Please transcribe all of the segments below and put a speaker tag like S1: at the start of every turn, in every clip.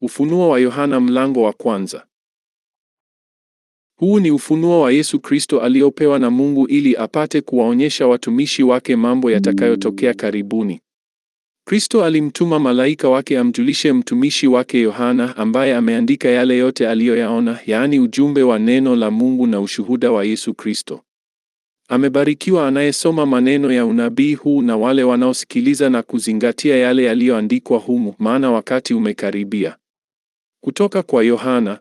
S1: Ufunuo wa Yohana mlango wa kwanza. Huu ni ufunuo wa Yesu Kristo aliopewa na Mungu ili apate kuwaonyesha watumishi wake mambo yatakayotokea karibuni. Kristo alimtuma malaika wake amjulishe mtumishi wake Yohana ambaye ameandika yale yote aliyoyaona, yaani ujumbe wa neno la Mungu na ushuhuda wa Yesu Kristo. Amebarikiwa anayesoma maneno ya unabii huu na wale wanaosikiliza na kuzingatia yale yaliyoandikwa humu, maana wakati umekaribia. Kutoka kwa Yohana.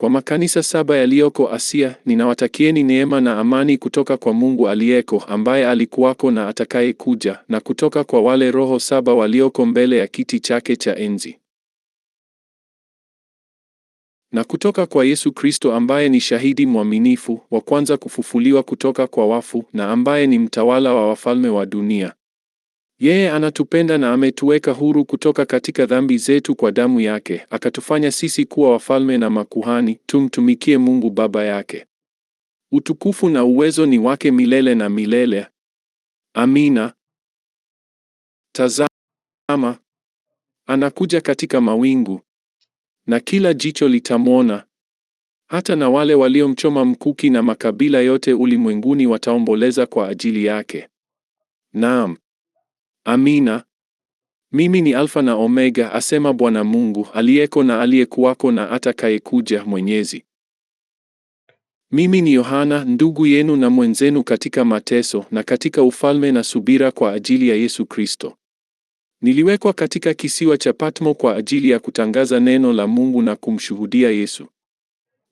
S1: Kwa makanisa saba yaliyoko Asia, ninawatakieni neema na amani kutoka kwa Mungu aliyeko, ambaye alikuwako na atakayekuja, na kutoka kwa wale roho saba walioko mbele ya kiti chake cha enzi, na kutoka kwa Yesu Kristo ambaye ni shahidi mwaminifu, wa kwanza kufufuliwa kutoka kwa wafu, na ambaye ni mtawala wa wafalme wa dunia. Yeye anatupenda na ametuweka huru kutoka katika dhambi zetu kwa damu yake, akatufanya sisi kuwa wafalme na makuhani, tumtumikie Mungu Baba yake. Utukufu na uwezo ni wake milele na milele. Amina. Tazama, anakuja katika mawingu, na kila jicho litamwona, hata na wale waliomchoma mkuki, na makabila yote ulimwenguni wataomboleza kwa ajili yake. Naam. Amina. Mimi ni Alfa na Omega, asema Bwana Mungu, aliyeko na aliyekuwako na atakayekuja, Mwenyezi. Mimi ni Yohana, ndugu yenu na mwenzenu katika mateso na katika ufalme na subira kwa ajili ya Yesu Kristo. Niliwekwa katika kisiwa cha Patmo kwa ajili ya kutangaza neno la Mungu na kumshuhudia Yesu.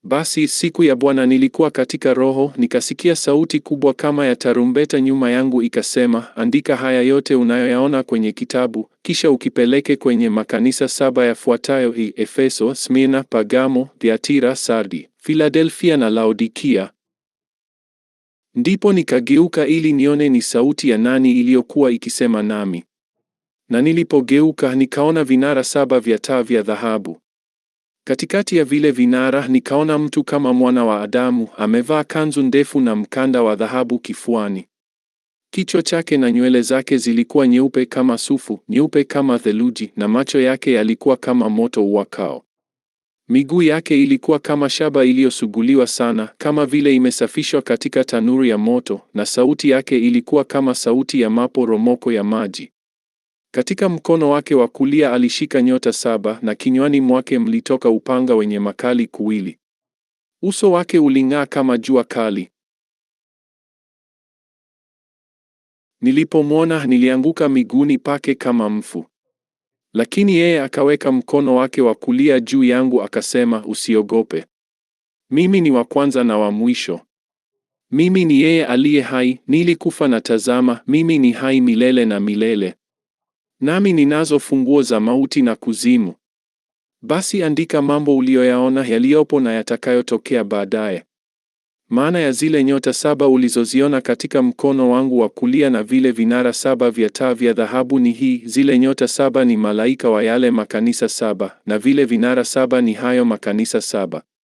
S1: Basi siku ya Bwana nilikuwa katika Roho, nikasikia sauti kubwa kama ya tarumbeta nyuma yangu ikasema, andika haya yote unayoyaona kwenye kitabu, kisha ukipeleke kwenye makanisa saba yafuatayo: hii Efeso, smina Pagamo, Thiatira, Sardi, Filadelfia na Laodikia. Ndipo nikageuka ili nione ni sauti ya nani iliyokuwa ikisema nami, na nilipogeuka nikaona vinara saba vya taa vya dhahabu Katikati ya vile vinara nikaona mtu kama mwana wa Adamu, amevaa kanzu ndefu na mkanda wa dhahabu kifuani. Kichwa chake na nywele zake zilikuwa nyeupe kama sufu, nyeupe kama theluji, na macho yake yalikuwa kama moto uwakao. Miguu yake ilikuwa kama shaba iliyosuguliwa sana, kama vile imesafishwa katika tanuri ya moto, na sauti yake ilikuwa kama sauti ya maporomoko ya maji. Katika mkono wake wa kulia alishika nyota saba na kinywani mwake mlitoka upanga wenye makali kuwili. Uso wake uling'aa kama jua kali. Nilipomwona nilianguka miguuni pake kama mfu. Lakini yeye akaweka mkono wake wa kulia juu yangu akasema, usiogope. Mimi ni wa kwanza na wa mwisho. Mimi ni yeye aliye hai, nilikufa na tazama, mimi ni hai milele na milele nami ninazo funguo za mauti na kuzimu. Basi andika mambo uliyoyaona, yaliyopo na yatakayotokea baadaye, maana ya zile nyota saba ulizoziona katika mkono wangu wa kulia na vile vinara saba vya taa vya dhahabu ni hii: zile nyota saba ni malaika wa yale makanisa saba, na vile vinara saba ni hayo makanisa saba.